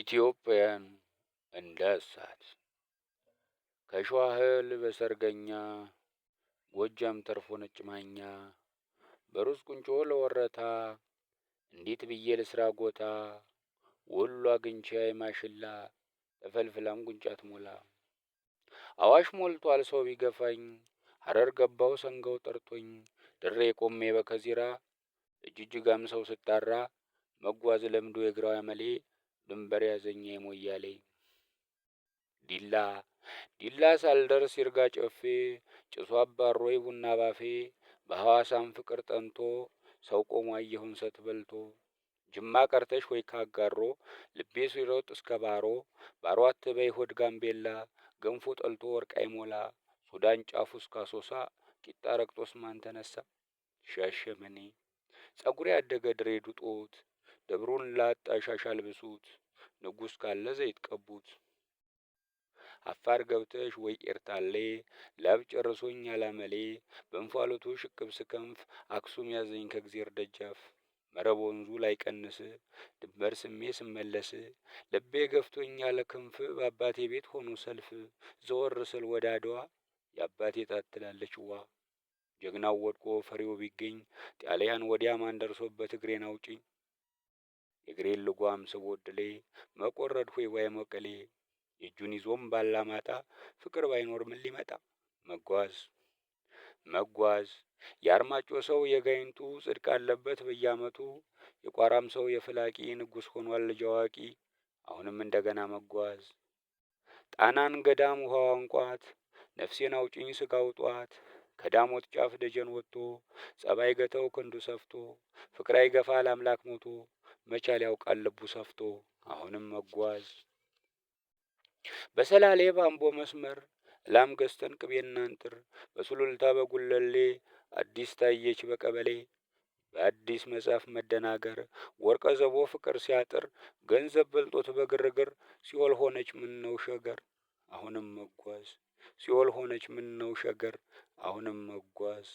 ኢትዮጵያን እንደ እሳት ከሸዋ እህል በሰርገኛ ጎጃም ተርፎ ነጭ ማኛ በሩዝ ቁንጮ ለወረታ እንዴት ብዬ ለስራ ጎታ ወሎ አግኝቼ ማሽላ ተፈልፍላም ጉንጫት ሞላ አዋሽ ሞልቷል ሰው ቢገፋኝ ሀረር ገባው ሰንጋው ጠርቶኝ ድሬ ቆሜ በከዚራ እጅጅጋም ሰው ስጣራ መጓዝ ለምዶ የግራው ያመሌ ድንበር ያዘኛ ሞያሌ ዲላ ዲላ ሳልደርስ ይርጋ ጨፌ ጭሱ አባሮይ ቡና ባፌ በሐዋሳም ፍቅር ጠንቶ ሰው ቆሞ አየሁን ሰት በልቶ ጅማ ቀርተሽ ወይ ካጋሮ ልቤ ሲሮጥ እስከ ባሮ ባሮ አትበይ ሆድ ጋምቤላ ገንፎ ጠልቶ ወርቅ አይሞላ ሱዳን ጫፉ እስከ አሶሳ ቂጣ ረግጦስ ማን ተነሳ ሻሸመኔ ጸጉሬ ያደገ ድሬ ዱጦት ደብሩን ላጣ ሻሽ አልብሱት፣ ንጉሥ ካለ ዘይት ቀቡት። አፋር ገብተሽ ወይ ኤርታሌ ላብ ጨርሶኝ አላመሌ በእንፋሎቱ ሽቅብስ ስከንፍ አክሱም ያዘኝ ከእግዜር ደጃፍ መረብ ወንዙ ላይ ቀንስ ድንበር ስሜ ስመለስ ልቤ ገፍቶኝ ያለ ክንፍ በአባቴ ቤት ሆኖ ሰልፍ ዘወር ስል ወደ አድዋ የአባቴ ጣት ትላለች ዋ ጀግናው ወድቆ ፈሪው ቢገኝ ጣሊያን ወዲያ ማን ደርሶበት እግሬን አውጭኝ የግሬ ልጓም ስቦድሌ መቆረድ ሆይ ወይ መቀሌ የእጁን ይዞም ባላማጣ ፍቅር ባይኖር ምን ሊመጣ መጓዝ መጓዝ የአርማጮ ሰው የጋይንቱ ጽድቅ አለበት በየአመቱ የቋራም ሰው የፍላቂ ንጉስ ሆኗል ልጅ አዋቂ አሁንም እንደገና መጓዝ ጣናን ገዳም ውሃ አንቋት ነፍሴን አውጭኝ ስጋ ውጧት ከዳሞት ጫፍ ደጀን ወጥቶ ጸባይ ገተው ክንዱ ሰፍቶ ፍቅር አይገፋ ለአምላክ ሞቶ መቻል ያውቃል ልቡ ሰፍቶ አሁንም መጓዝ በሰላሌ ባምቦ መስመር ላም ገዝተን ቅቤና እንጥር በሱሉልታ በጉለሌ አዲስ ታየች በቀበሌ በአዲስ መጽሐፍ መደናገር ወርቀ ዘቦ ፍቅር ሲያጥር ገንዘብ በልጦት በግርግር ሲኦል ሆነች ነው ሸገር አሁንም መጓዝ ሲኦል ሆነች ነው ሸገር አሁንም መጓዝ